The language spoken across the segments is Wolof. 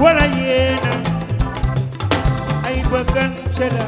wala yéena ay bëggan ca la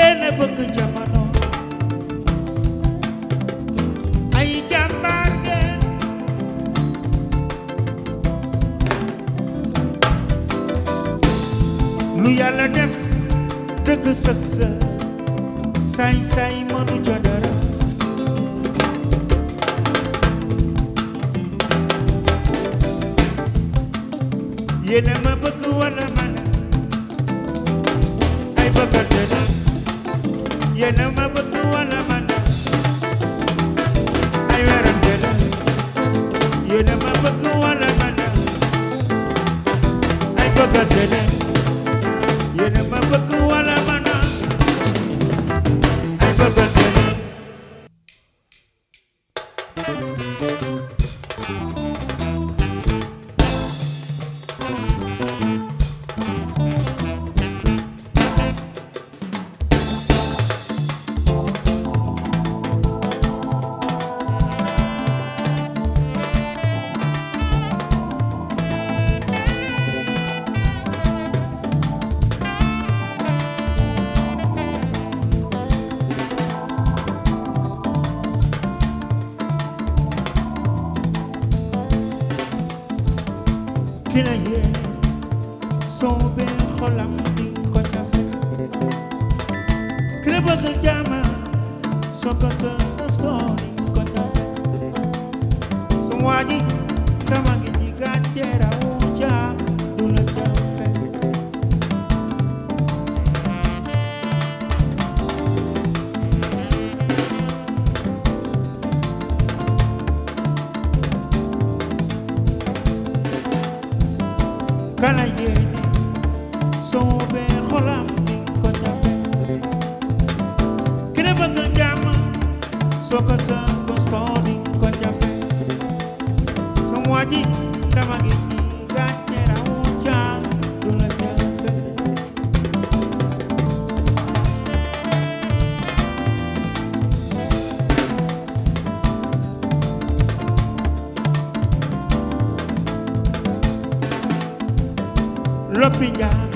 yéen a bëgg jamono ay jàmbaar lu yàlla def dëgg sës saay-saay mënu dara yéen a ma wala man ay bëgg dëgg yéena ma bëgg wala man ay werante la yéena ma bëgg wala man ay bëggante la mwaji kama giganyera ucha dumletefe lopinja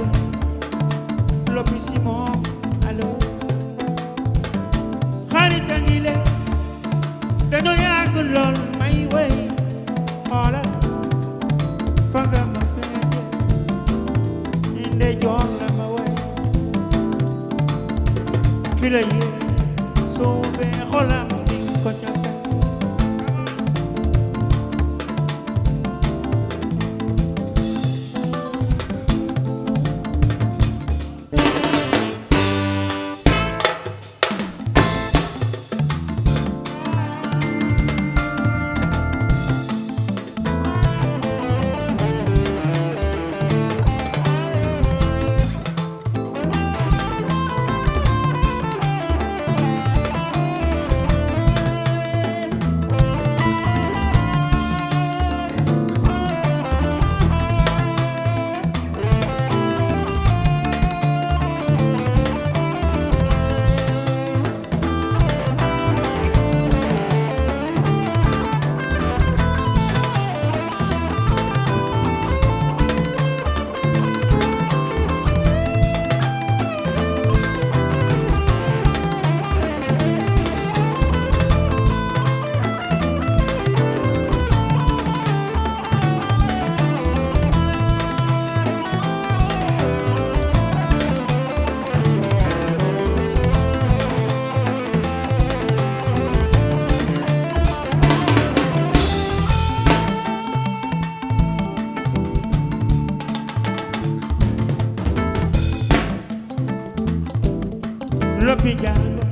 lopi jaago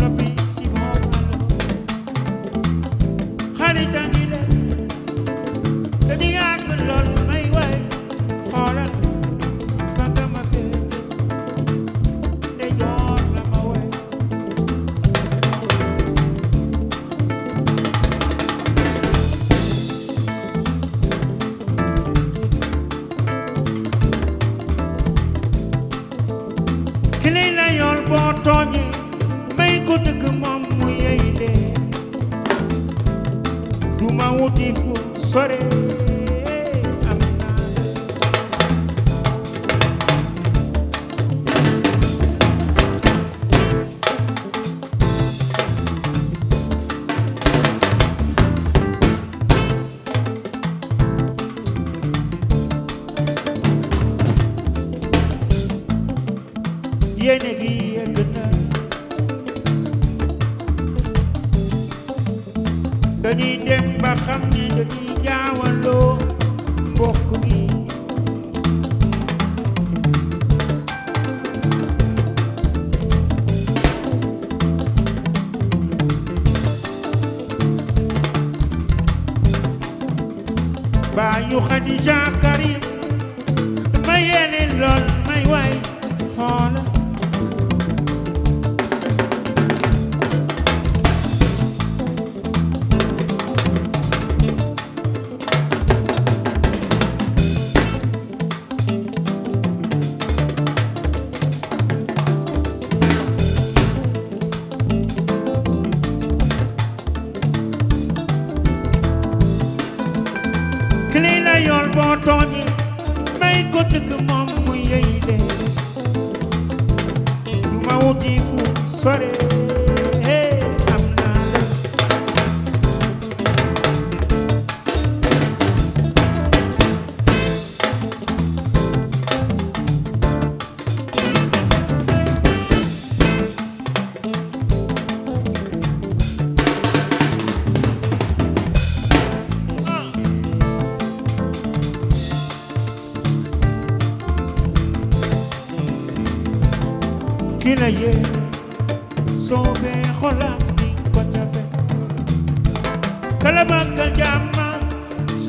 lopi si moom xaritam sore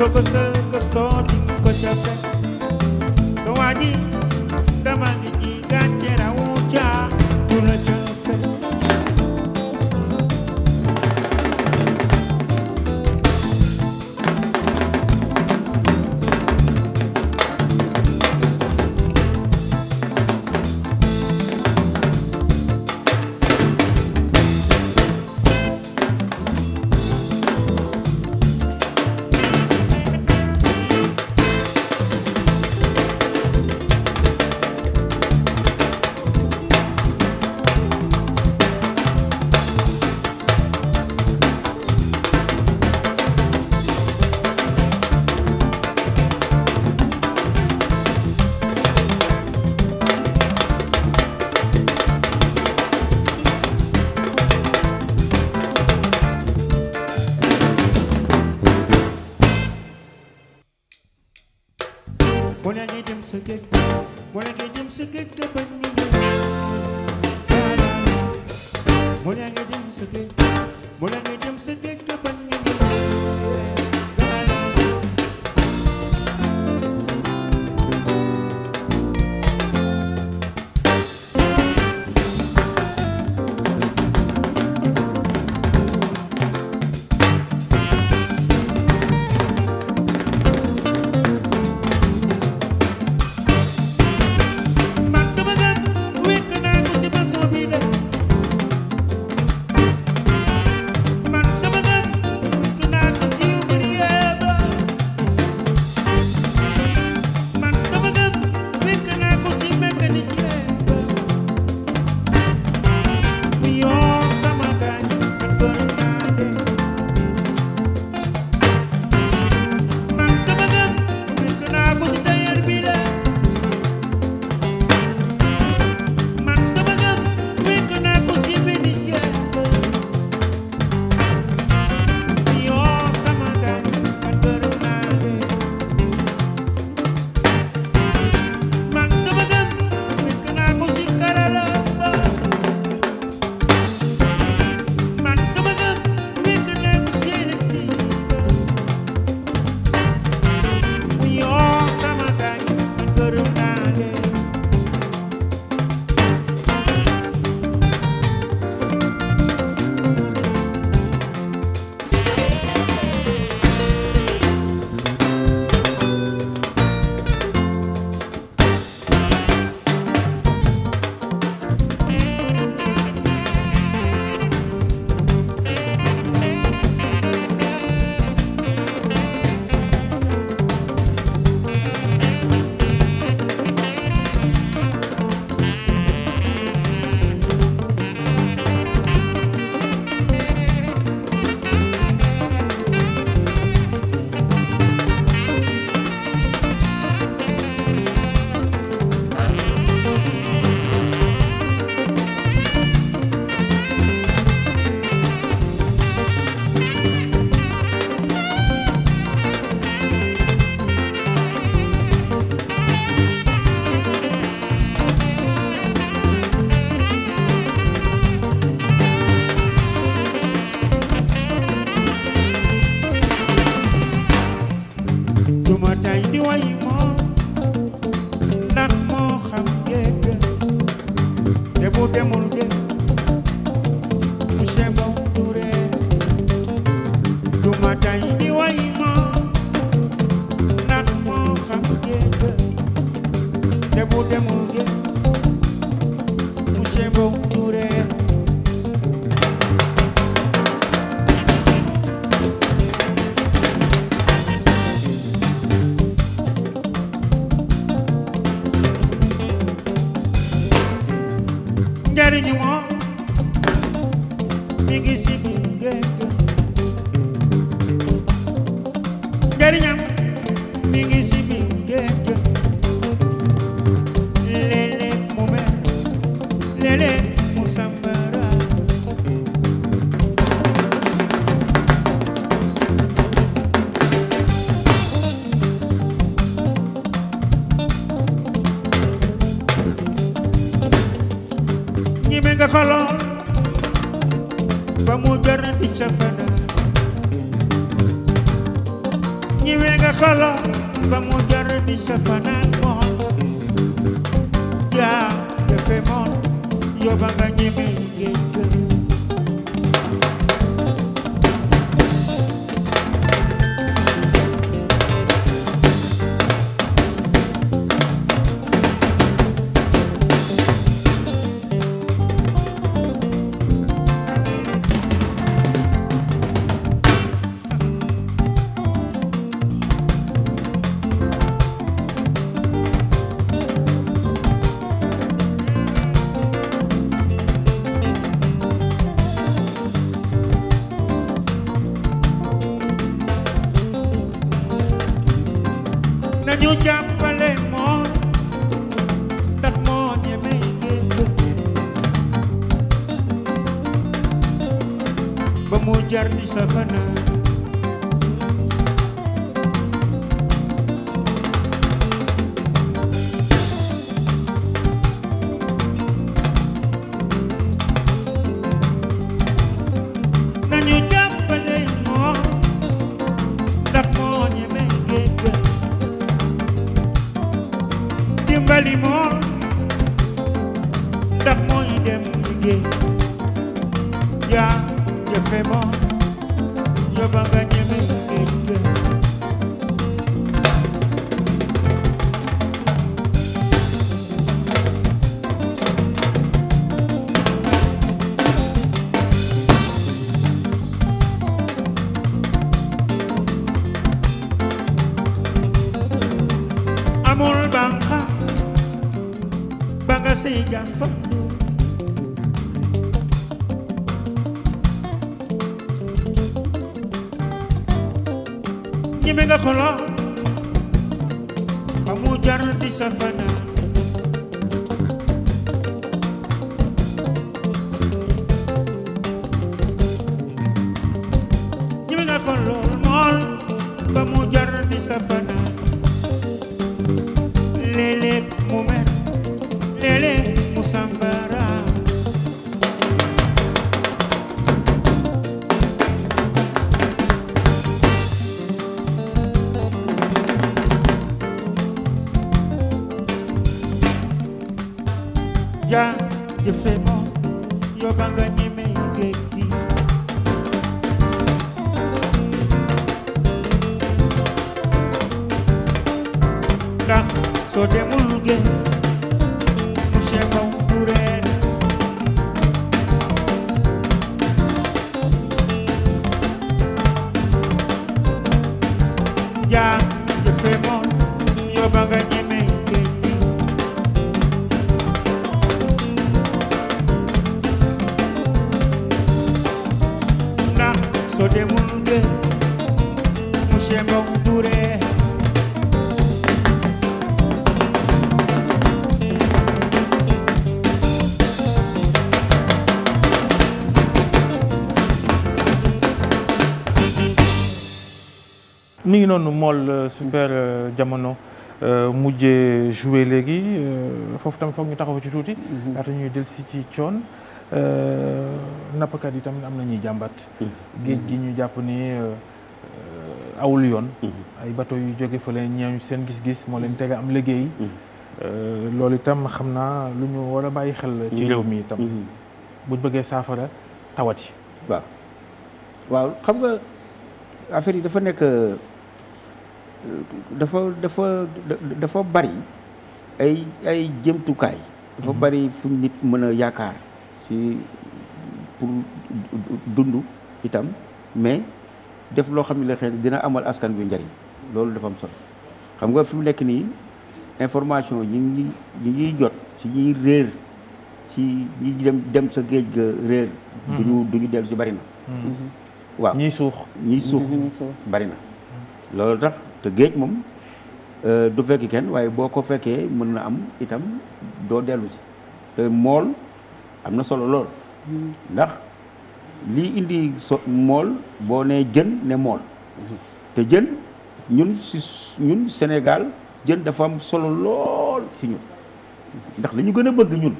Rokosa, Koston, Kochapek ni wọ́n yìí. jar di safana noonu mool euh, super euh, jamono euh, mujjee joué léegi foofu tam foog ñu taxaw ci tuuti. Mhm. laata ñuy dellusi ci coon. nappkat yi tamit am na ñuy jàmbat. Mhm. géej gi ñu jàpp ni awul yoon. Mhm. ay bateau yu jóge fa leen ñeeñu seen gis-gis moo leen tege am liggéey. loolu itam xam naa lu ñu war a bàyyi xel. ci réew mi itam. buñ bëggee saafara tawati. waaw xam nga affaire yi dafa nekk. dafa dafa dafa bari ay ay jëmtukaay. dafa mhm. bari fu nit mën a yaakaar ci pour dund itam mais def loo xam ne la dina amal askan bi njariñ loolu dafam sol xam nga fi nekk nii information ñi ngi ñi ngi jot ci ñuy réer ci ñi dem sa géej ga réer. du ñu mhm. dellu si bari na. Mhm. waaw ñiy suux ñiy suux bari na loolu tax. te géej moom euh, du fekk kenn waaye boo ko fekkee mën na am itam doo dellu si te mool am na solo lool hmm. ndax lii indi so mool boo nee jën ne mool te jën ñun si ñun Sénégal jën dafa am solo lool si ñun ndax la ñu gën a bëgg ñun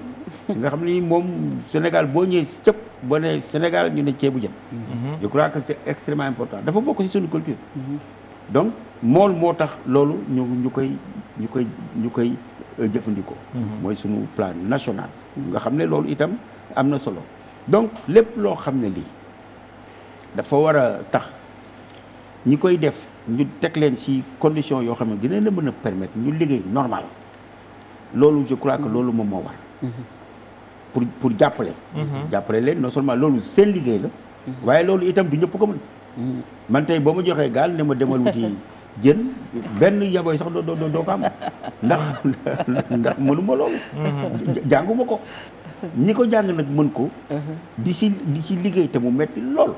si nga xam ni moom Sénégal boo ñëwee si cëpp boo nee Sénégal ñu ne ceebu jën hmm. je crois que c'est extrêmement important dafa bokk si suñu culture hmm. mool moo tax loolu ñu ñu koy ñu koy ñu koy euh, jëfandikoo. Mm-hmm. mooy sunu plan national. nga xam ne loolu itam am na solo donc lépp loo xam ne lii dafa war a tax ñi koy def ñu teg leen ci condition yoo xam ne dina la mën a permettre ñu liggéey normal loolu je crois que mm-hmm. loolu moom moo war. Mm-hmm. pour pour jàppale. jàppale leen noo seulement loolu seen liggéey la. waaye loolu itam du ñëpp ko mën. man tey boo ma joxee gaal ne ma demal wuti. jën benn yaboy sax doo doo doo ko am ndax ndax mënuma loolu jànguma ko ñi ko jàng nag mën ko uh-huh. di si di si liggéey te mu metti lool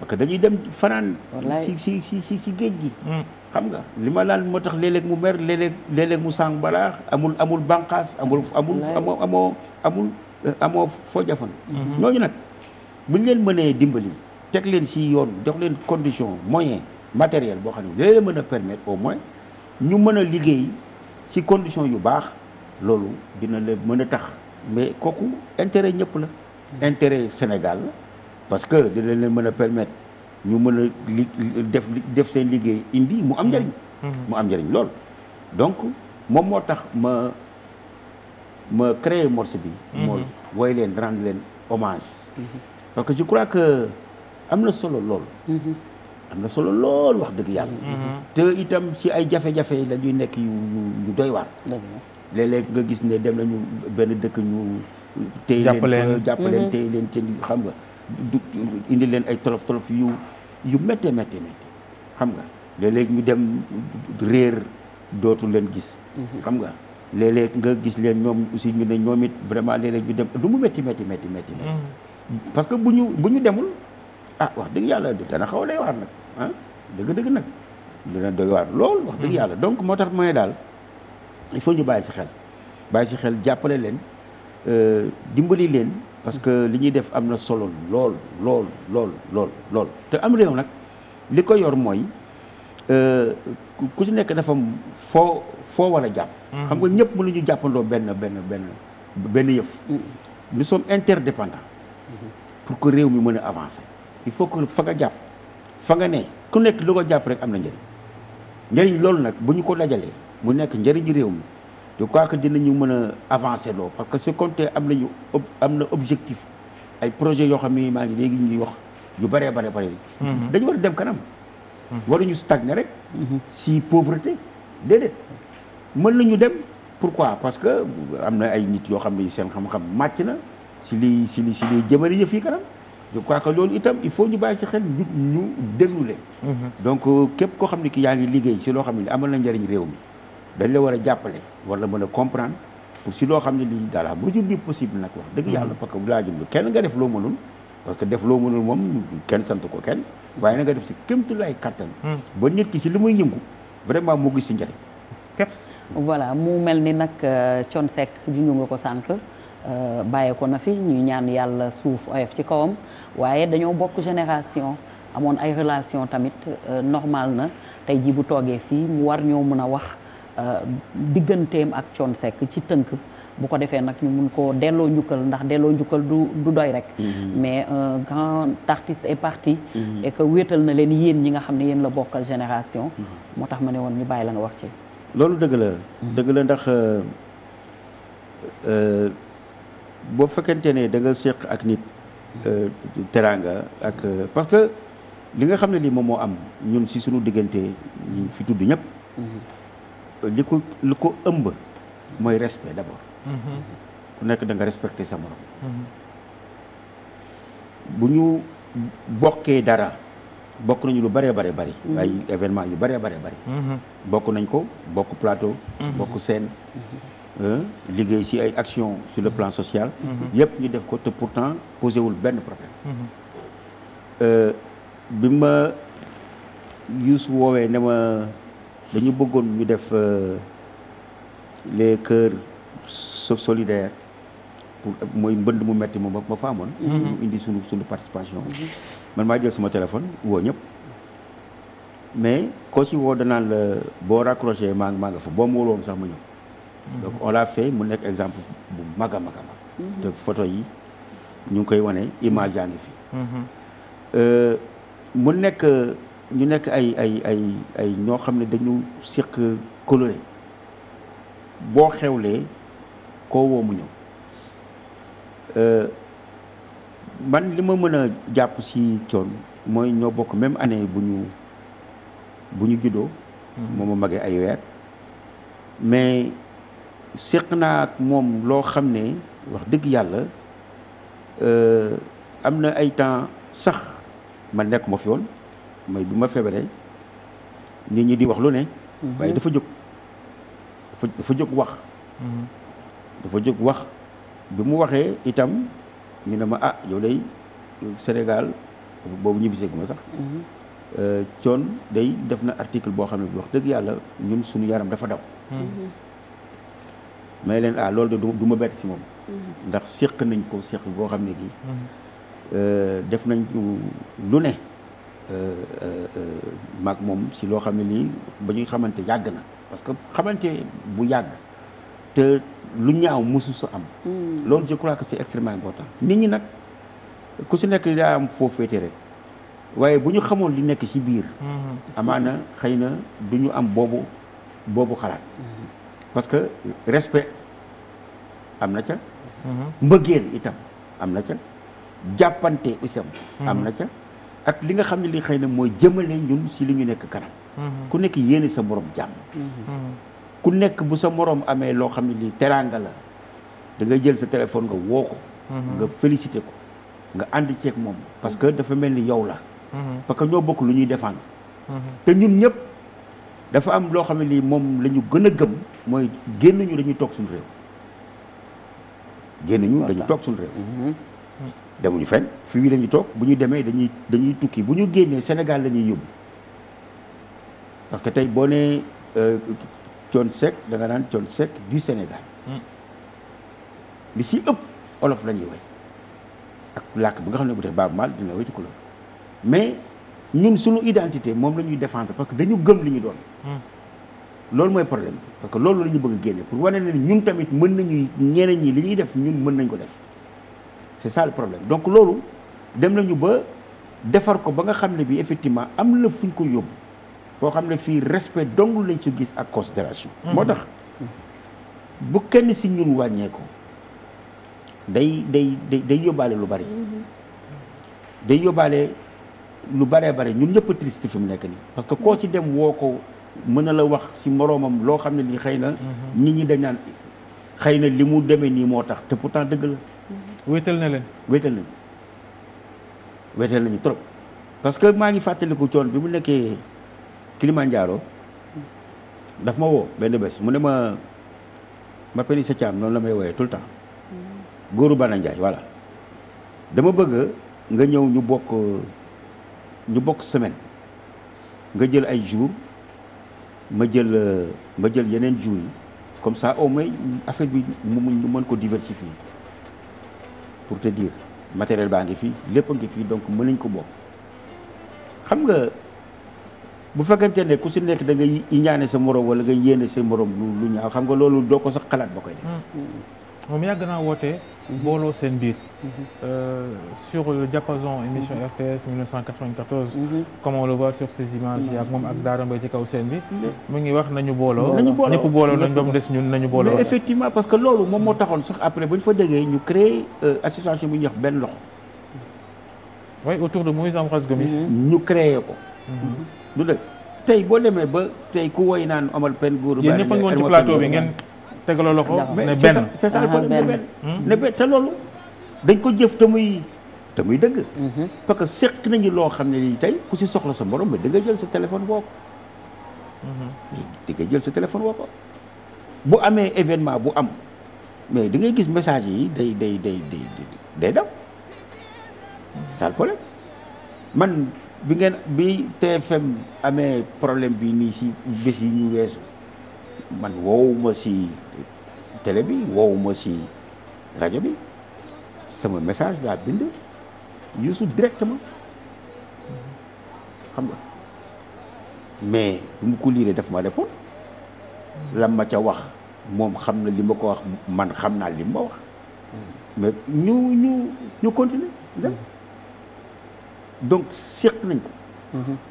parce que dañuy dem fanaan si si si si si géej gi mm. xam nga li ma naan moo tax léeg mu mer léeg-léeg léeg-léeg mu sàng balaax amul amul bànqaas amul amul amoo amoo amul eh, amoo foo jafan mm-hmm. ñooñu nag buñ leen mënee dimbali teg leen si yoon jox leen condition moyen matériel boo xam ne léeg mën a permettre au moins ñu mën a liggéey ci condition yu baax loolu dina la mën a tax mais kooku intérêt ñëpp la intérêt Sénégal parce que dina leen mën a permettre ñu mën a li def def seen liggéey indi mu am njëriñ mu am njëriñ lool donc moom moo tax ma ma créer morceau bi moo wooy leen rendre leen hommage mm-hmm. parce que je crois que am na solo lool mm-hmm. am na solo lool wax dëgg yàlla. Mhm. te itam si ay jafe-jafe la ñuy nekk yu yu doy waar. léeg-léeg nga gis ne dem nañu benn dëkk ñu. téy leen jàpp mhm. leen téy leen ci xam nga. du indi leen ay tolof tolof yu yu méttee méttee méttee xam nga léeg ñu dem réer dootu leen gis. Mhm. xam nga léeg nga gis leen ñoom aussi ñu ne ñoom it vraiment léeg ñu dem du mu métti métti métti métti. parce que bu ñu demul. ah wax dëgg yàlla dana xaw a doy waar nag ah dëgg-dëgg nag dana doy waar lool wax dëgg hmm. yàlla donc moo tax mooy daal il faut ñu bàyyi si xel bàyyi si xel jàppale leen euh, dimbali leen parce que li ñuy def am na solo lool lool lool lool lool te am réew nag li ko yor mooy euh, ku ci nekk dafa foo foo war a jàpp hmm. xam nga ñëpp ñu jàppandoo benn benn benn benn yëf hmm. nous sommes interdépendants pour que réew mi mën a avancé il faut que fa nga jàpp fa nga ne ku nekk lu ko jàpp rek am na njëriñ njëriñ loolu nag bu ñu ko lajalee mu nekk njëriñu réew mi je crois que dinañu mën a avancer loo parce que su compté am nañu am na objectif ay projet yoo xam ne maa ngi léegi ñuy wax yu bëree bare bare mhm. dañu war a dem kanam mhm. waruñu na rek mhm. si pauvreté déedéet mën nañu dem pourquoi parce que am na ay nit yoo xam ne seen xam-xam màcc na si li si li si liy jëmale yëf yi kanam je crois que loolu itam il faut ñu bàyyi si xel ñu ñu mhm. donc euh, képp koo xam ne ki yaa ngi liggéey si loo xam ne amal na njëriñ réew mi dañ la war a jàppale war la mën a comprendre pour si loo xam ne lii daal mesure bi possible nag wax dëgg mhm. yàlla parce que bu laa jublu kenn nga def loo mënul parce que def loo mënul moom kenn sant ko kenn waaye na nga def si kémtu lay kattan mhm. ba nit si li muy yëngu vraiment moo gis si njëriñ voilà mu mel ni nag euh, Euh, bàyyee na fi ñuy ñaan yàlla suuf oyof ci kawam waaye dañoo bokk génération amoon ay relation tamit euh, normal na tey jii bu toogee fii mu war ñoo mën a wax euh, digganteem ak Thione sekk ci tënk bu ko defee nag ñu mun koo delloo njukkal ndax delloo njukkal du du doy rek mm-hmm. mais un grand artiste est parti mm-hmm. et que wéetal na leen yéen ñi nga xam ne yéen la bokkal génération mm-hmm. moo tax ma ne woon ñu bàyyi la nga wax ci loolu dëgg la dëgg la ndax boo fekkente ne da nga ak nit euh, teraanga ak euh, parce que li nga xam ne lii moom moo am ñoom si suñu diggante ñu fi tudd ñëpp mm-hmm. li ko li ko ëmb mooy respect d'abord mm-hmm. ku nekk da nga sa morom mm-hmm. bu ñu bokkee dara bokk nañu lu bëree bëri bëri ay événement yu bëree bëri bëri bokk nañ ko bokk plateau bokk scène Euh, liggéey si ay actions sur le plan social. Mhm. yëpp ñu def ko te pourtant posé wul benn problème. Mhm. Euh, bi ma Youssou woowee ne ma dañu bëggoon ñu def euh, les cœurs solidaires pour mooy mbënd mu metti moom ma fa amoon. Mhm. mu indi sunu sunu participation. man maa jël sama téléphone woo ñëpp. mais koo si woo danaan la boo raccroché maa maa nga fa boo mu sax ma ñëw. donc on mu nekk exemple bu mag a mag a mag. Mhm. te photo yi ñu ngi koy wane image yaa ngi fi. Mhm. Euh, mu nekk ñu nekk ay ay ñoo xam ne dañu seq coloré boo xewlee koo woo mu ñëw euh, man li ma mën a jàpp si coon mooy ñoo bokk même année bu ñu bu ñu juddoo. Mhm. moo ma magee ay weer mais. séq naa ak moom loo xam ne wax dëgg yàlla euh, am na ay temps sax ma nekk ma fi woon may bi ma feebaree nit ñi di wax lu ne mhm. waaye dafa jóg dafa jóg wax mhm. dafa jóg wax bi mu waxee itam ñu ne ma ah yow day Sénégal boobu ñibbisee gu ma sax mhm. euh, coon day def na article boo xam ne bi wax dëgg yàlla ñun suñu yaram dafa daw may leen ah loolu de du ma bett si moom mhm. ndax séq nañ ko séq boo xam ne gi mhm. euh, def nañ lu ne euh, euh, maag moom si loo xam ne lii ba ñuy xamante yàgg na parce que xamante bu yàgg te lu ñaaw mosu sa am mhm. loolu je crois que c'est extrêmement important nit ñi nag ku si nekk daa am foo féete rek waaye bu ñu xamoon li nekk si biir amaana xëy na du ñu am boobu boobu xalaat parce que respect am na ca. Mhm. mbëggeel itam am na ca. jàppante itam. Mhm. am na ca ak li nga xam ne li xëy na mooy jëmale ñun si li ñu nekk kanam. Mhm. ku nekk yéene sa morom jàmm. ku nekk bu sa moroom amee loo xam ne lii teraanga la da jël sa téléphone nga woo ko. nga félicité ko nga ànd ceeg moom parce que dafa mel ni yow la. parce que ñoo bokk lu ñuy défendre. te ñun ñëpp. dafa am loo xam ne lii moom la ñu gën a gëm mooy génn ñu dañuy toog suñu réew. ñu dañu toog mm-hmm. demuñu fen fii la ñu toog bu ñu demee dañuy dañuy tukki bu ñu génnee Sénégal la ñuy yóbbu parce que tey boo nee euh, Thione Seck da nga naan Thione Seck du Sénégal. bi mm. si ëpp olof la ñuy ak làkk bi nga xam ne bu dee Baaba Maal dina way ci couleur mais. ñun suñu identité moom la ñuy défendre parce que dañu gëm li ñu doon. Hmm. loolu mooy problème parce que loolu lañu ñu bëgg génne pour wane ne ñun tamit mën nañuy ñeneen yi li ñuy def ñun mën nañ ko def c'est ça le problème donc loolu dem nañu ba defar ko ba nga xam ne bi effectivement am na fu ñu ko yóbbu foo xam ne fii respect donc lañ ci gis ak considération hmm. moo tax bu kenn si ñun wàññee ko day day day yóbbaale lu bari hmm. day yóbbaale lu baree bare ñun ñëpp triste fi mu nekk nii parce que koo si dem woo ko mën na la wax si moroomam loo xam ne li xëy na mhm. nit ñi dañ naan xëy na li mu demee nii moo tax te pourtant dëgg la wéetal na leen wéetal nañu wéetal nañu trop parce que maa ngi fàttaliku coon bi mu nekkee Kilimanjaro daf ma woo benn bés mu ne ma ma peni sa caam noonu la may woowee tout temps mhm. góoru Bana Ndiaye voilà dama bëgg nga ñëw ñu bokk ñu bokk semaine nga jël ay jours ma jël euh, ma jël yeneen jours yi comme ça au moins affaire bi mu ñu mën ko diversifier pour te diir matériel baa ngi fii lépp a ngi fii donc mën nañ ko bokk xam nga bu fekkente ne ku si nekk da ngay ñaane sa morom wala nga yéene sa morom lu ñaaw xam nga loolu doo ko sax xalaat ba koy def. Mm. moom yàgg naa woote. booloo seen biir. Mhm. Euh, sur le euh, diapason émission RTS 1994. comme on le voit sur ces images mhm. yi ak moom ak Daara Mbaye ci kaw seen bi. Mhm. mu ngi wax nañu booloo. nañu booloo ñëpp booloo nañ ba mu des ñun nañu booloo. mais effectivement parce que loolu moom moo taxoon sax après bu ñu fa déggee ñu créé euh, association bu ñuy wax benn loxo. oui autour de Moïse Ambroise Gomis. ñu créé ko. du dëgg tey boo demee ba tey ku woy naan amal pen góor. yéen ñëpp a ngi woon ci plateau bi ngeen. tegaloo loxo ne benn c'est ça le ah, hmm? ne benn te loolu dañ ko jëf te muy muy dëgg mhm. parce que seq nañu loo xam ne lii tey ku si soxla sa morom mais da nga jël sa téléphone woo ko mhm. da jël sa téléphone woo bu amee événement bu am mais da ngay gis message yi day day day day day daw c'est ça le man bi ngeen bi TFM amee problème bi nii si bés yi ñu weesu man woowuma si télé bi woowuma si rajo bi sama message laa bind Youssou directement xam nga mais bi mu ko liiree daf ma répond lam ma ca wax moom xam na li ma ko wax man xam naa li ma wax mais ñu ñu ñu continuer dem mm-hmm. donc seq nañ ko mm-hmm.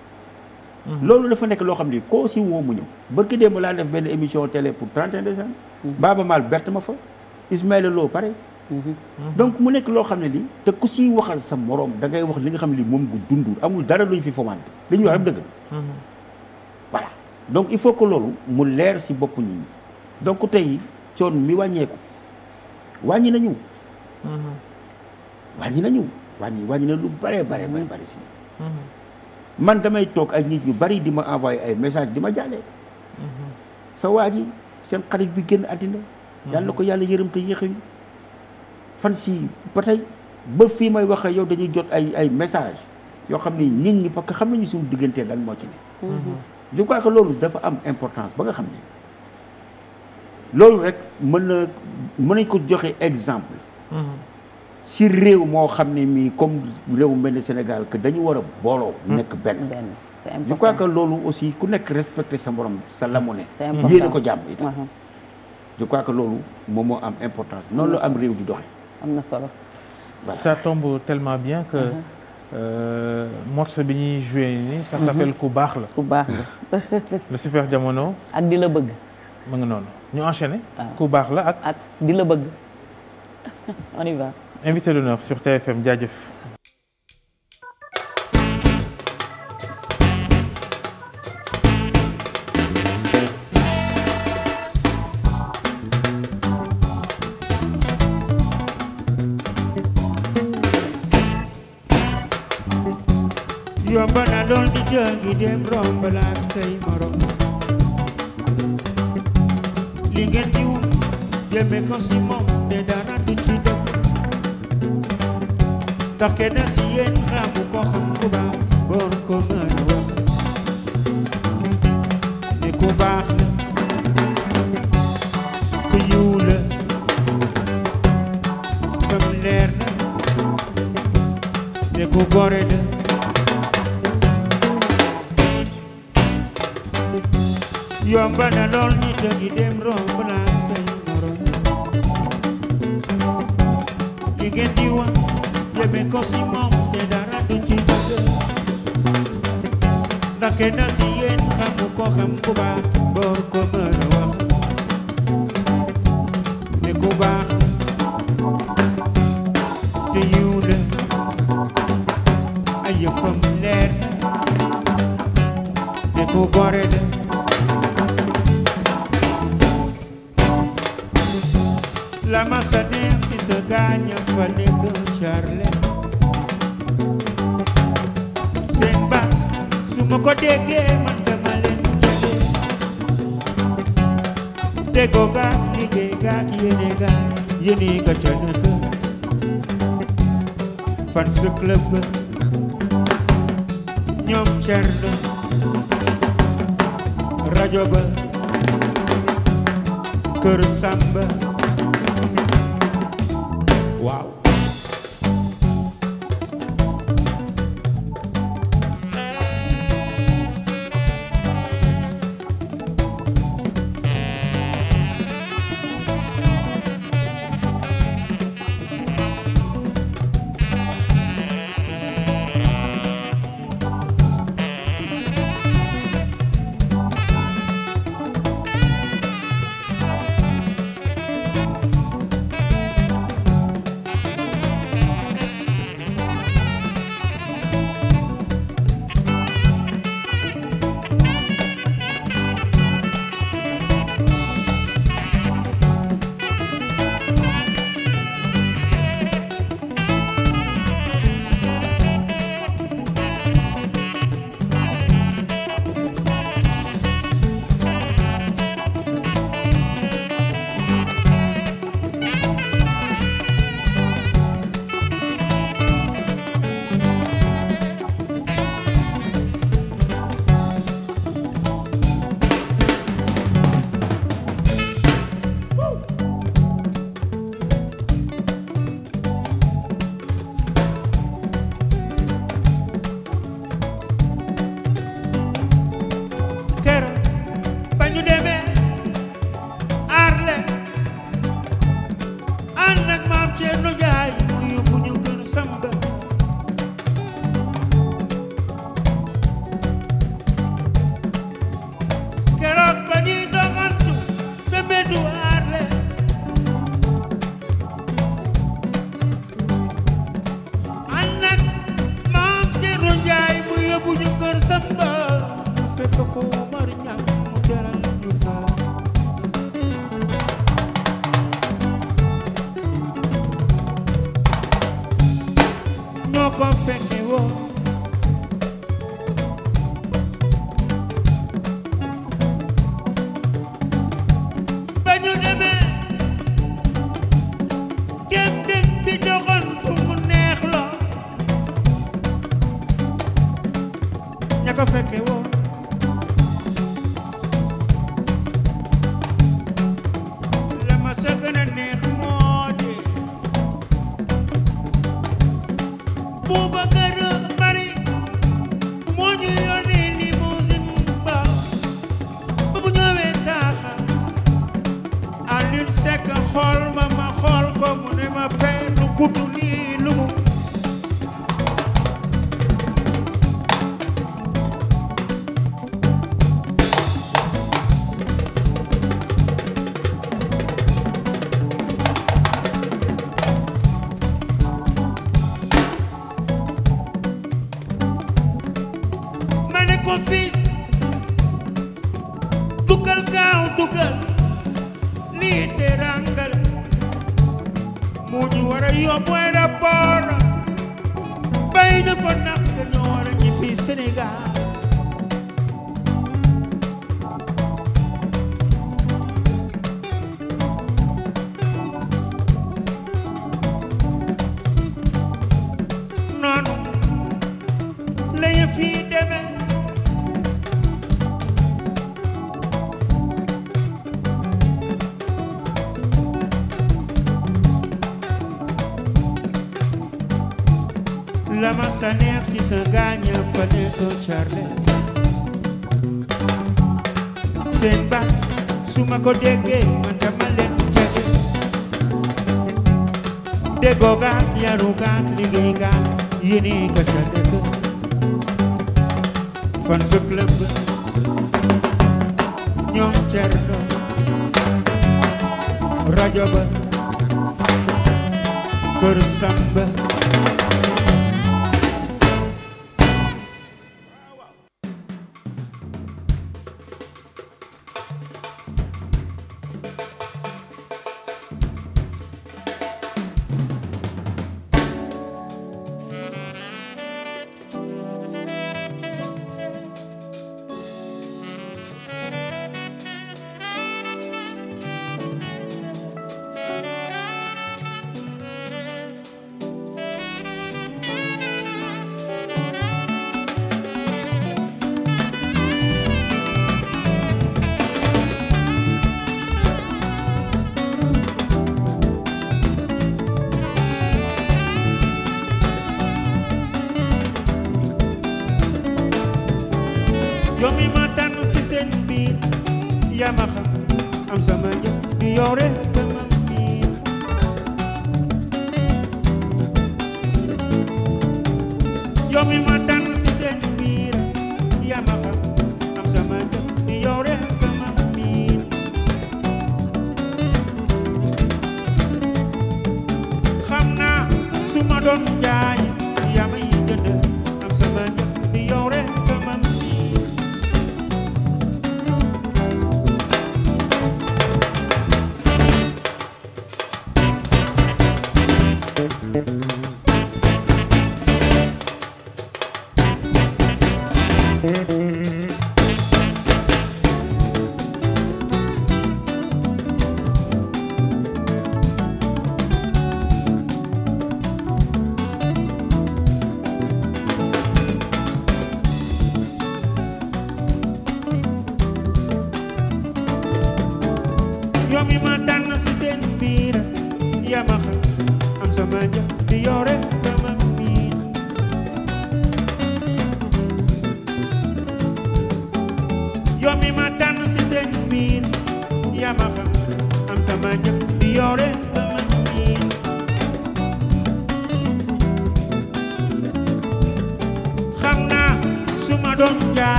loolu dafa nekk loo xam ni koo si woo mu ñëw barki démb laa def benn émission télé pour 31 décembre Baaba Maal bert ma fa Ismaïla loo pare mm-hmm. Mm-hmm. donc mu nekk loo xam ne li te ku siy waxal sa moroom da ngay wax li nga xam ne li moom gu dundur amul dara luñ fi fomante dañuy wax rek dëgg mm-hmm. voilà donc il faut que loolu mu leer si bopp ñu ñi donc tey coon mi wàññeeku wàññi nañu wàññi nañu wàññi wàññi na lu bare bare bare bare si man damay toog ay nit ñu bari di ma envoyé ay message di ma jàllee mm-hmm. sa waa ji seen xarit bi génn àddina mm-hmm. yàlla na ko yàlla yërëm te yéex fan si ba tey ba fii may wax yow dañuy jot ay ay message yoo xam ne nit ñi parce xam nañu suñu diggantee lan moo ci ne mm-hmm. je crois que loolu dafa am importance ba nga xam ne loolu rek mën na mën nañ ko joxe exemple si réew moo xam ne mii comme réew mel ni Sénégal que dañu war booloo. Hmm. nekk benn benn c'est crois que loolu aussi ku nekk respecté sa morom sa hmm. lamone. c'est important yéene ko jàmm itam. Uh-huh. je crois que loolu moom moo am importance noonu la am réew di doxe am na solo. tellement bien que. Uh-huh. Euh, morceau bi ñuy joué nii. ça uh-huh. s'appelle ku baax la. ku baax la. le super jamono. ak di la bëgg. mu ngi noonu ñu enchaîné. Ah. ku baax la ak. ak di la bëgg invité d'honneur sur TFM jaajëf. yomba na lool di jàngi dem romb la ak say morom li ngeen di wut jëme ko si moom te dara du ndax kenn si yéen xamu ko baax boor ko mën a wax ne ku baax la ku yiw la fam leer na ne ku gore la yomba na lool ñi tëggi dem romb la jëme ko si moom te dara du ci dëgg ndax kenn si yéen xamu ko xam ku baax door ko mën wax ne ku baax te yiw la ay yëfam leer ne ku gore la la ma sa neex si sa gaañ fa nekk charle seen ba su ma ko déggee man dama leen jëlee déggoo ga liggéey ga yéene ga yéene ga ca nekk fan ba ñoom Cerno rajo ba kër Samba fii deme la ma sa si sa gaañ fa nekk seen ba su ko déggee man dama leen jege déggoo gaak yaru liggéey gaak yéene ka ca fan sa club ñoom Cerno rajo ba kër Samba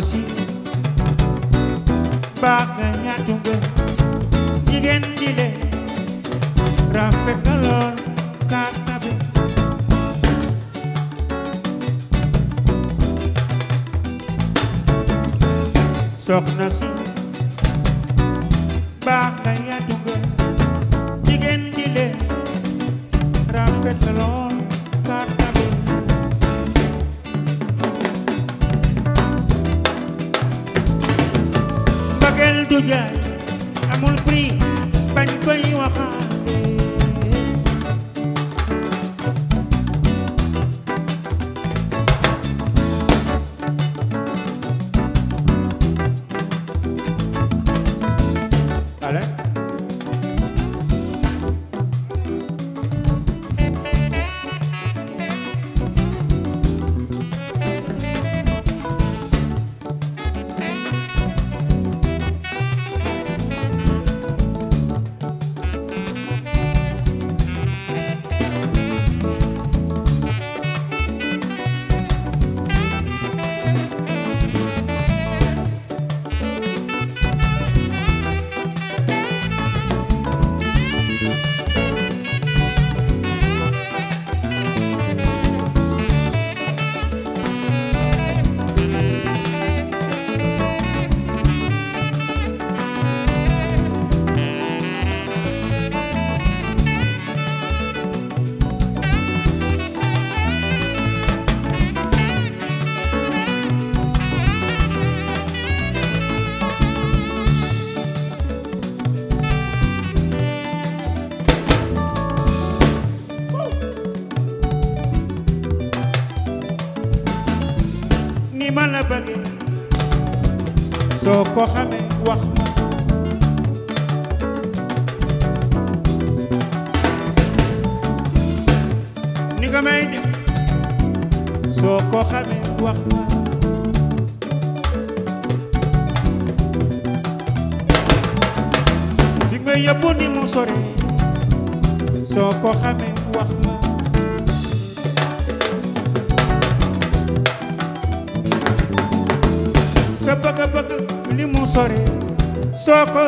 ainsi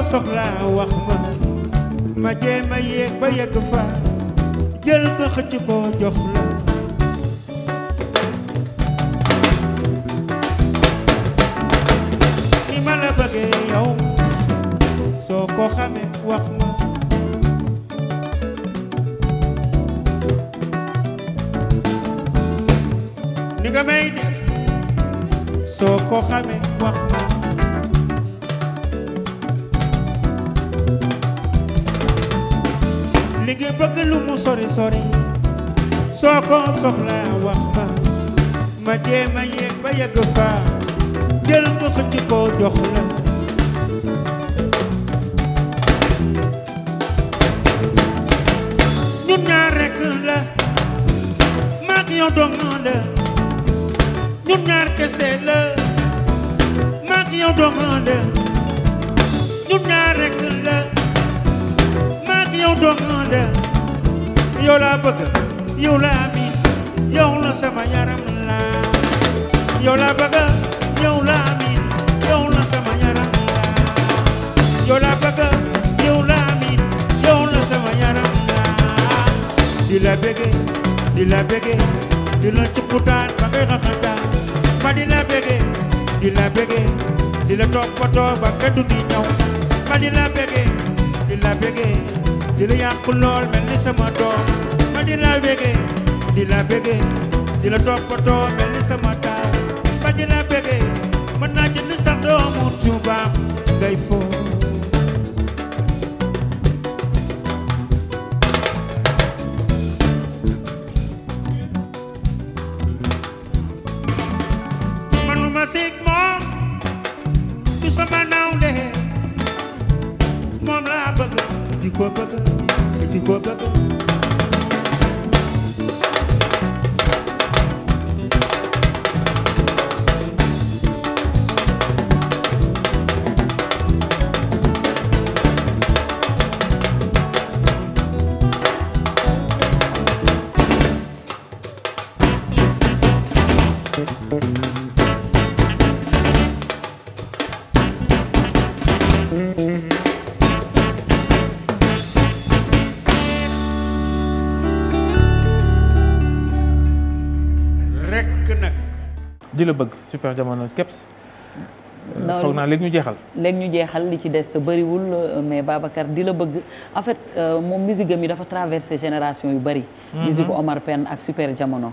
soo ma ma jéem a ba yegg fa jël ko xëcc ko jox soo ko soxla wax ma ma jéem a yegg ba yegg fa jël ko xëcc ko jox la ñun ñaar rek la maag yow dong dong la ñun ñaar rek la maag yow dong la yow laa bëgg yow miin yow sama yaram la yow laa bëgg yow miin yow la sama yaram la yow bëgg yow miin yow sama yaram la di la bëgge di la bëgge di la cukkutaan ba ngay xaxataan ma ma di la bëgge di la bëgge di la yàq lool mel ni sama doom ma di la bége di la bége di la mel ni ma di la bége mën naa jënd sax doomu tubaab ngay foo di la bëgg super jamono keps euh, foog naa léegi ñu jeexal léegi ñu jeexal li ci des bëriwul mais Babacar di la bëgg en fait euh, moom musique am yi dafa traversé génération yu bëri mhm. musique Omar Pène ak super jamono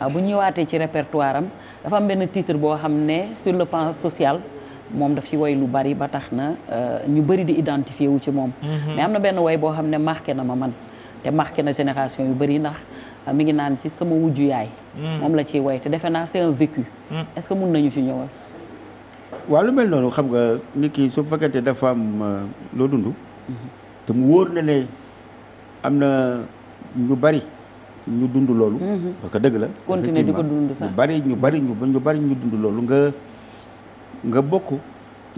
euh, bu ñu ñëwaatee ci répertoire am dafa am benn titre boo xam ne sur le plan sociale moom daf ci woy lu bari ba tax na ñu bëri di identifié wu ci moom mhm. mais am na benn woy boo xam ne marqué na ma man te marqué na génération yu bëri ndax mi ngi naan ci sama wujju yaay Mm. moom la ciy way te defe naa c'est un vécu. Mm. est-ce que mun nañu ci ñëwal. waaw lu mel noonu xam nga nit ki su fekkente dafa am euh, loo dund. Mm-hmm. te mu wóor na ne am na ñu bari ñu dund loolu. Mm-hmm. parce que dëgg la. continuer di ko dund sax ñu bari ñu bari ñu bari ñu dund loolu nga nga bokk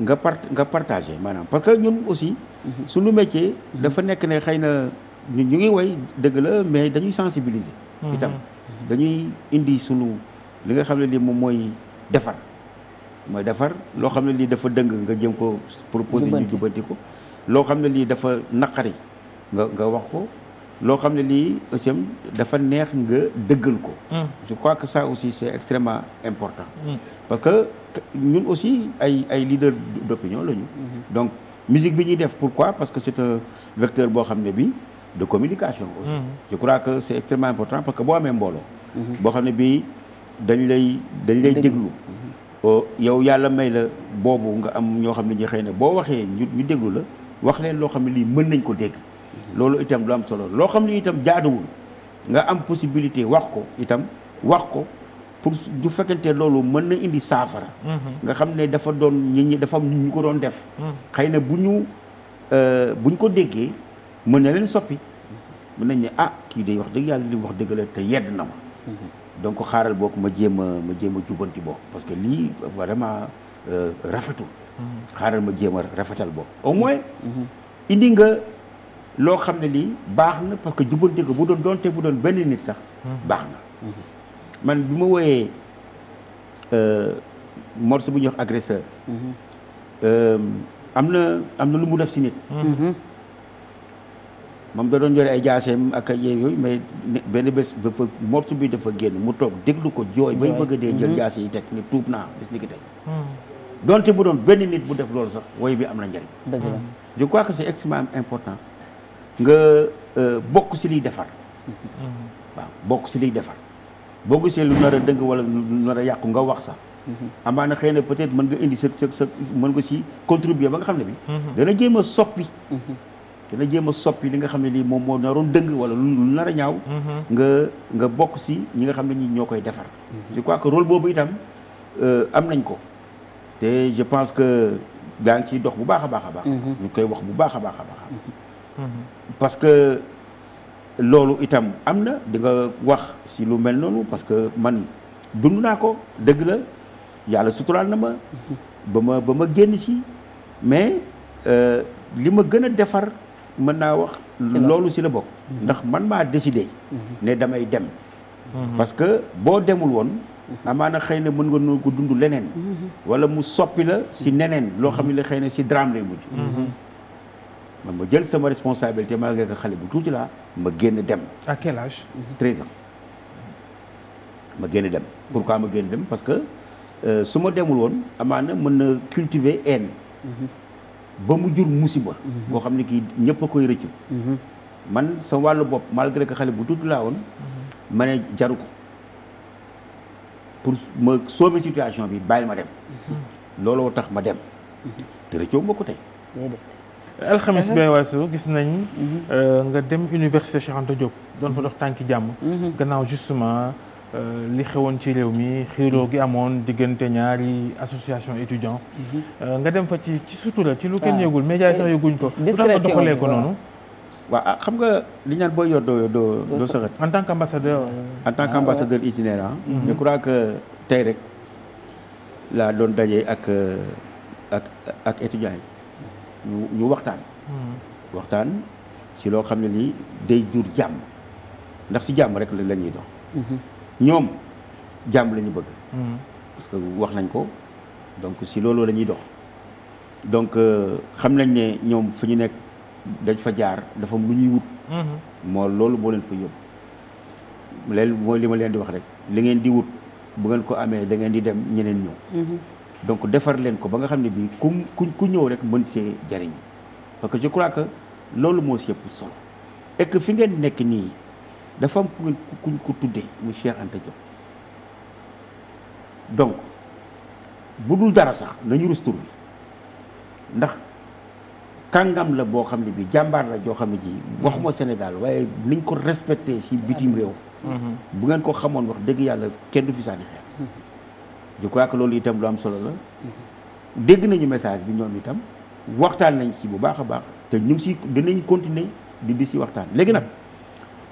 nga part nga partagé maanaam parce que ñun aussi. su mm-hmm. suñu métier. dafa nekk ne xëy na ñu ngi woy dëgg la mais dañuy sensibiliser. itam dañuy indi sunu li nga xam ne lii moom mooy defar mooy defar loo xam ne lii dafa dëng nga jëm ko proposer ñu jubanti ko loo xam ne lii dafa naqari nga nga wax ko loo xam ne lii aussi dafa neex nga dëggal ko hmm. je crois que ça aussi c'est extrêmement important hmm. parce que ñun aussi ay ay leader d'opinion lañu hmm. donc musique bi ñuy def pourquoi parce que c'est un vecteur boo xam ne bi de communication aussi je crois que c'est extrêmement important parce que boo amee mbooloo boo xam ne bii dañ lay dañ lay déglu oh, yow yàlla may la boobu nga am ñoo xam ne ñi xëy na boo waxee ñu ñu déglu la wax leen loo xam ne lii mën nañ ko dégg loolu itam lu am solo loo xam ne itam jaaduwul nga am possibilité wax ko itam wax ko pour du fekkente loolu mën na indi saafara mhm. nga dafa doon nit ñi dafa am ñu ko doon def mhm. xëy na bu ñu euh, bu ñu ko déggee mën na leen soppi mën nañ ne ah kii day wax dëgg yàlla li wax dëgg la te yedd na ma donc xaaral boog ma jéem a ma jéem a jubanti boog parce que lii vraiment euh, rafetul. xaaral ma jéem a rafetal boo au moins. indi nga loo xam ne lii baax na parce que jubanti ko bu doon doonte bu doon benn nit sax. baax na man bi ma wooyee euh, morceau bu ñuy wax agresseur. Mhm. Euh, am na am na lu mu def si nit. Mhm. moom da doon yore ay jaaseem ak ay yooyu mais benn bés dafa mortu bi dafa génn mu toog déglu ko jooy bay bëgg a dee jël mm-hmm. jaase yi teg ni tuub naa bis ni ki tey mm. donte bu doon benn nit bu def loolu sax woy bi am na njëriñ dëgg la mm. je crois que c'est extrêmement important nga euh, bokk si liy defar mm-hmm. waaw bokk si liy defar boo gisee lu nar a dëgg wala lu nar a yàqu nga wax sax mm-hmm. amaana xëy na peut-être mën nga indi sa sa sa mën nga si contribuer ba nga xam ne bi dana jéem soppi dina jéem a soppi li nga xam ne lii moom moo naroon dëng wala lu nar a ñaaw mm-hmm. nga nga bokk si ñi nga xam ne ñi ñoo koy defar mm-hmm. je crois que rôle boobu itam euh, am nañ ko te je pense que gaa ngi ciy dox bu baax a baax a baax mm-hmm. ñu koy wax bu baax baax a que loolu itam am na di nga wax si lu mel noonu parce que man dund naa ko dëgg la yàlla suturaal na ma ba ma ba ma génn si mais euh, li ma gën a defar mën naa wax loolu si la bokk mhm. ndax man maa décidé mhm. ne damay dem mhm. parce que boo demul woon amaana xëy na mën nga noo ko dund leneen wala mu soppi la si neneen loo xam ne xëy na si drame lay mujj man ma jël sama responsabilité malgré que xale bu tuuti laa ma génn dem à quel âge treize ans ma génn dem pourquoi ma génn dem parce que euh, su ma demul woon amaana mën na cultiver haine ba mu jur musiba. boo mhm. xam ne kii ñëpp a koy rëccu. Mhm. man sa wàllu bopp malgré que xale bu tuuti laa woon. Mhm. ma ne jaru ko pour ma sauver situation bi bàyyi ma dem. looloo tax ma dem. te rëccoo ma ko tey. alxames bee weesu gis nañ. Euh, nga dem université Cheikh Anta Diop. doon fa dox tànki jàmm. gannaaw justement Euh, li xewoon ci réew mi xiiroo gi amoon diggante ñaari association étudiant mhm. euh, nga dem fa ci ci sutura ci lu kenn ah. yëgul média sax eh, yëguñ ko lu tax nga doxalee ko noonu waa ah xam nga li ñaan booy yor doo doo doo sëxat en tant qu'ambassadeur euh, en tant ah, qu'ambassadeur itinérant mhm. je crois que tey rek laa doon dajee ak ak ak étudiants yi ñu waxtaan mhm. waxtaan si loo xam ne nii day jur jàmm ndax si jàmm rek la ñuy dox ñoom jàmm lañu ñu bëgg. Hmm. parce que wax nañ ko donc si loolu lañuy ñuy dox. donc euh, xam nañ ne ñoom fi ñu nekk dañ fa jaar dafa am lu ñuy wut. Hmm. moo loolu moo leen fa yóbbu. léegi mooy li ma leen di wax rek li ngeen di wut bu ngeen ko amee da ngeen di dem ñeneen ñëw. Hmm. donc defar leen ko ba nga xam ne bii ku ku ku ñëw rek mën see jariñ parce que je crois que loolu moo si yëpp solo et fi ngeen nekk nii. dafa am ku kuñ ko tuddee muy Cheikh Anta donc bu dul dara sax nañu rustur bi ndax kàngam la boo xam ne bi jàmbaar la joo xam ne ji waxuma Sénégal waaye liñ ko respecté si bitim réew mhm. bu ngeen ko xamoon wax dëgg yàlla kenn du fi sànni xeer je crois que loolu itam lu am solo la dégg nañu message bi ñoom itam waxtaan nañ ci bu baax a baax te ñu ngi si dinañ continuer di di si waxtaan léegi nag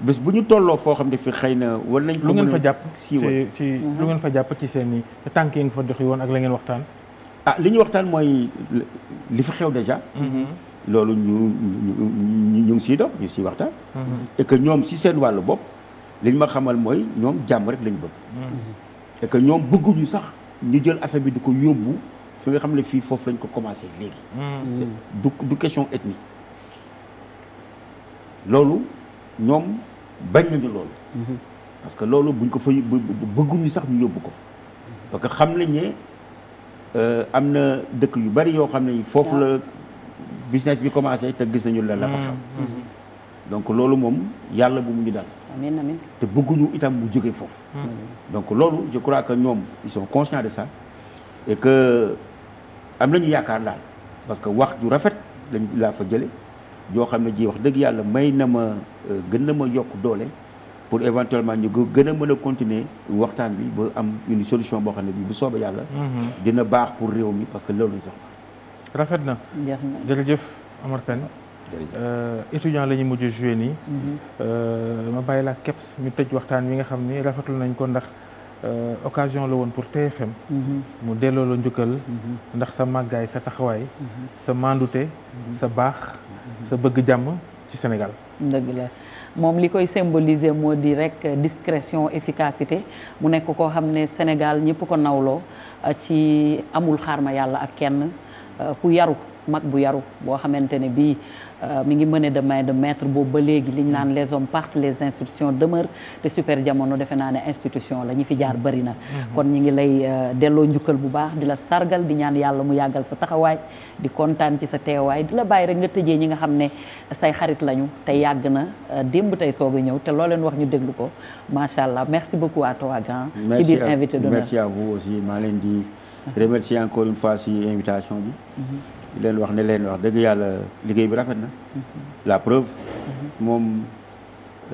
bés bu ñu tolloo foo xam ne fi xëy na war nañ lu fa jàpp ci ci mhm. lu ngeen fa jàpp ci seen i tànk yi fa doxi woon ak la ngeen waxtaan a ah, li ñu waxtaan mooy li fi xew déjà mhm. loolu ñu ñu ñu ngi siy dox ñu siy waxtaan mhm. et ñoom si seen wàllu bopp li ñu ma xamal mooy ñoom jàmm rek lañ bëgg et que ñoom bëgguñu sax ñu jël affaire bi di ko yóbbu fi nga xam ne fii foofu lañ ko commencé léegi du du question ethnique loolu ñoom bañ nañu loolu. parce que loolu buñ ko fa bëgguñu sax ñu yóbbu ko fa. parce que xam nañ ne euh, am na dëkk yu bari yoo xam ne foofu la business bi commencé te gis nañu la la fa xam. donc loolu moom yàlla bu mu ñu dal. amiin amiin te bëgguñu itam mu jógee foofu. donc loolu je crois que ñoom ils sont conscients de ça. et que am nañu yaakaar daal parce que wax ju rafet lañ laa fa jële yoo xam ne ji wax dëgg yàlla may na ma. gën na ma yokk doole pour éventuellement ñu gën a mën a continuer waxtaan bi ba am une solution boo xam ne bi bu soobee yàlla. Mhm. dina baax pour réew mi parce que loolu lañ soxla. rafet na jërëjëf Omar Pène euh, étudiant la ñu mujj joué mhm. euh, ma bàyyi laa keps ñu tëj waxtaan bi nga xam ni rafetlu nañ ko ndax euh, occasion la woon pour TFM mhm. mu delloo la njukkal ndax sa màggaay sa taxawaay sa mandute sa baax sa bëgg jàmm ci Sénégal. dëgg la moom li koy symboliser moo di rek discrétion efficacité mu nekk koo xam ne Sénégal ñëpp ko nawloo euh, ci amul xaar ma yàlla ak kenn euh, ku yaru mag bu yaru boo xamante ne bii. Euh, mi ngi mené de main de maître boobu ba léegi liñ naan les hommes partent les institutions demeurent te super jamono defe naa ne institution la ñi fi jaar bëri na. Mhm. kon ñi ngi lay euh, delloo njukkal bu baax di la sargal di ñaan yàlla mu yàggal sa taxawaay di kontaan ci sa teewaay di la bàyyi rek nga tëjee ñi nga xam ne say xarit lañu te yàgg na euh, démb tey soog a ñëw te loo leen wax ñu déglu ko macha allah merci beaucoup à toi grand. ci biir invité d'honneur merci à vous aussi maa leen di mhm. remercier encore une fois si invitation bi. Mhm. di leen wax ne leen wax dëgg yàlla liggéey bi rafet na la preuve moom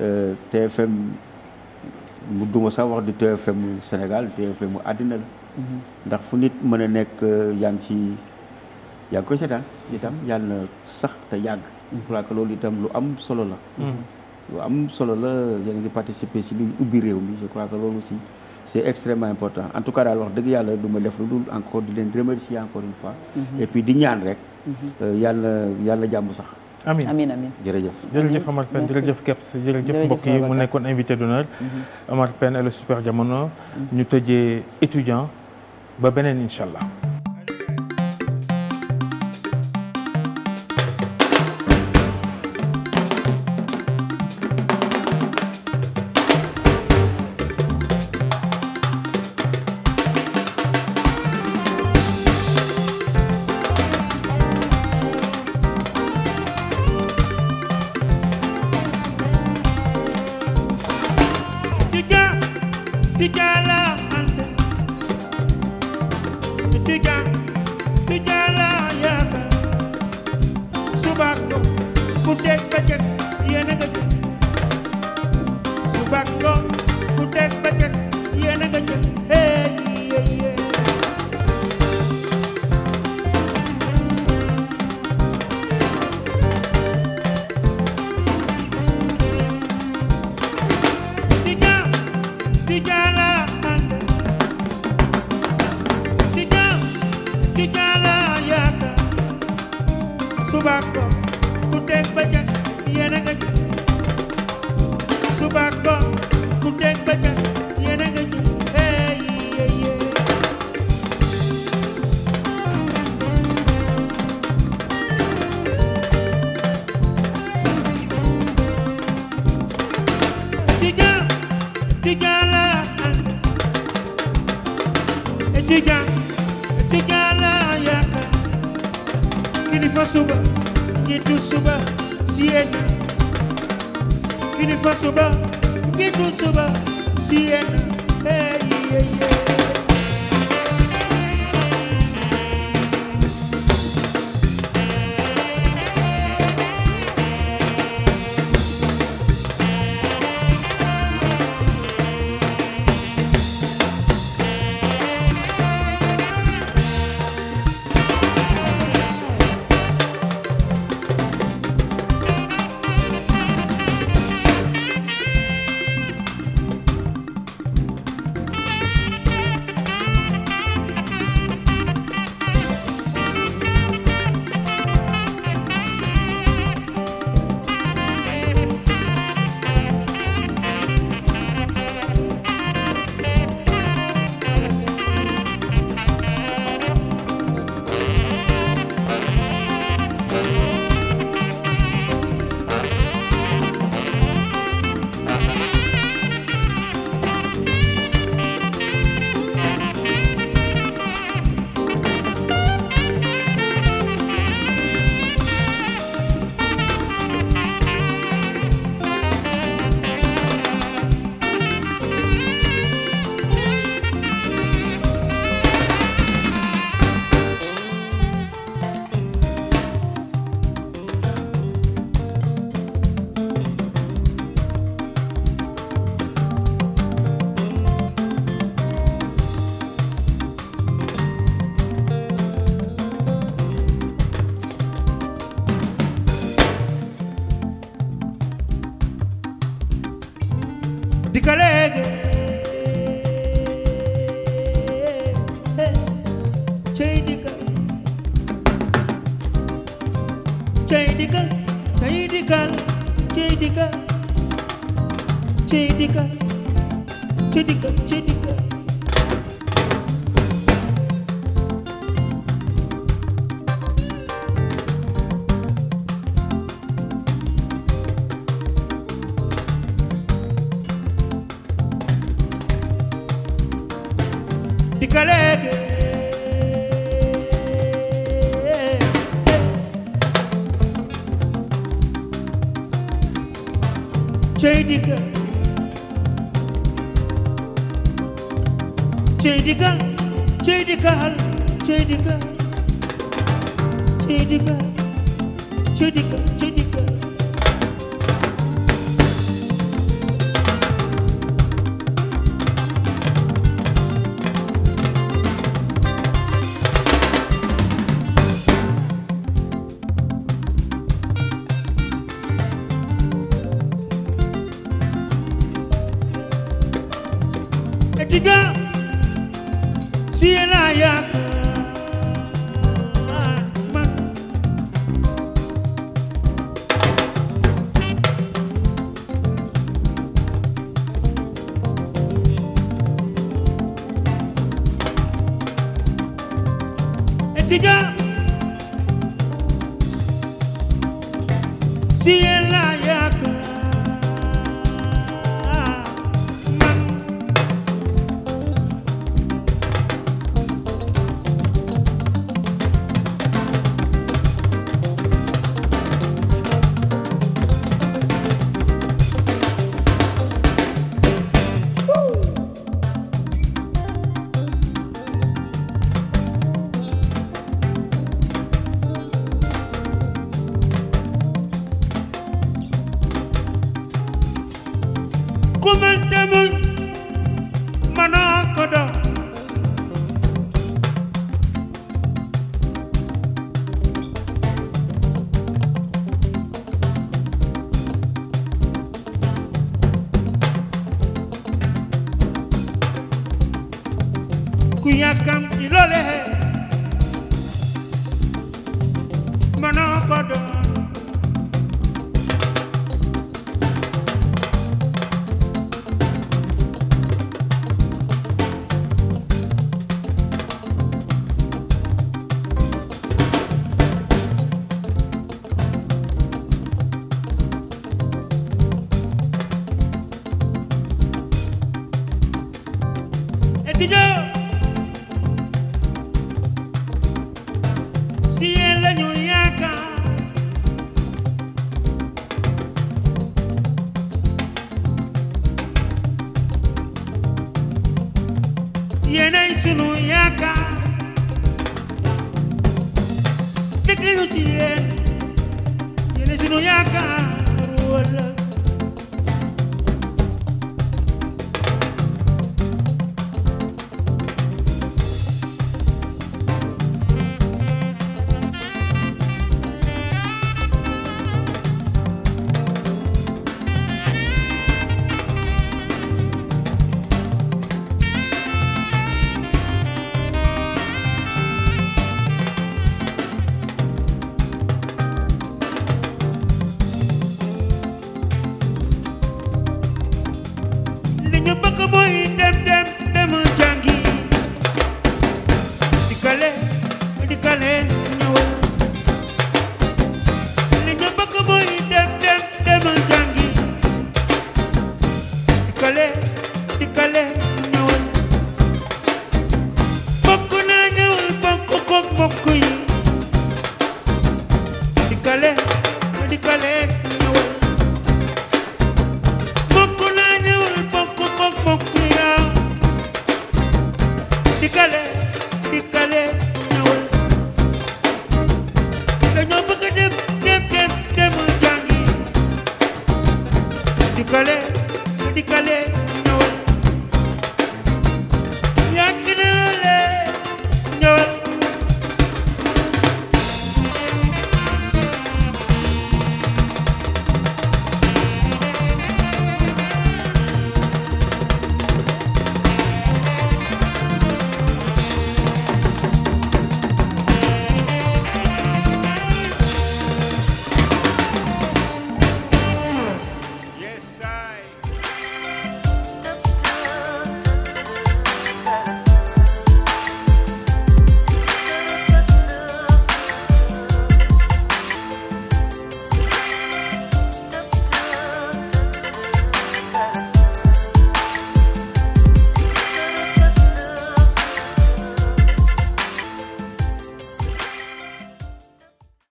euh, TFM mu duma sax wax di TFM Sénégal TFM àddina la ndax fu nit mën a nekk euh, yaa ngi ci yaa ngi koy seetaan itam yàlla na sax te yàgg je loolu itam lu am solo la mm-hmm. lu am solo la yéen ngi participer si luy ubbi réew mi je crois que loolu aussi c' est extrêmement important en tout cas daal wax dëgg yàlla duma ma def lu dul encore di leen remercier encore une fois. Mm-hmm. et puis di ñaan rek. Mm-hmm. Euh, yàlla yàlla jàmm sax. amin amin amin jërëjëf jërëjëf Omar Pène jërëjëf Kebs jërëjëf mbokk yi mu nekkoon invité d'honneur mm-hmm. Omar Pène et le super jamono ñu tëjee étudiant ba beneen incha allah bàkkoo ku teg bëccëg yéen a nga jël suba. Gitu suba. Siena. Tiga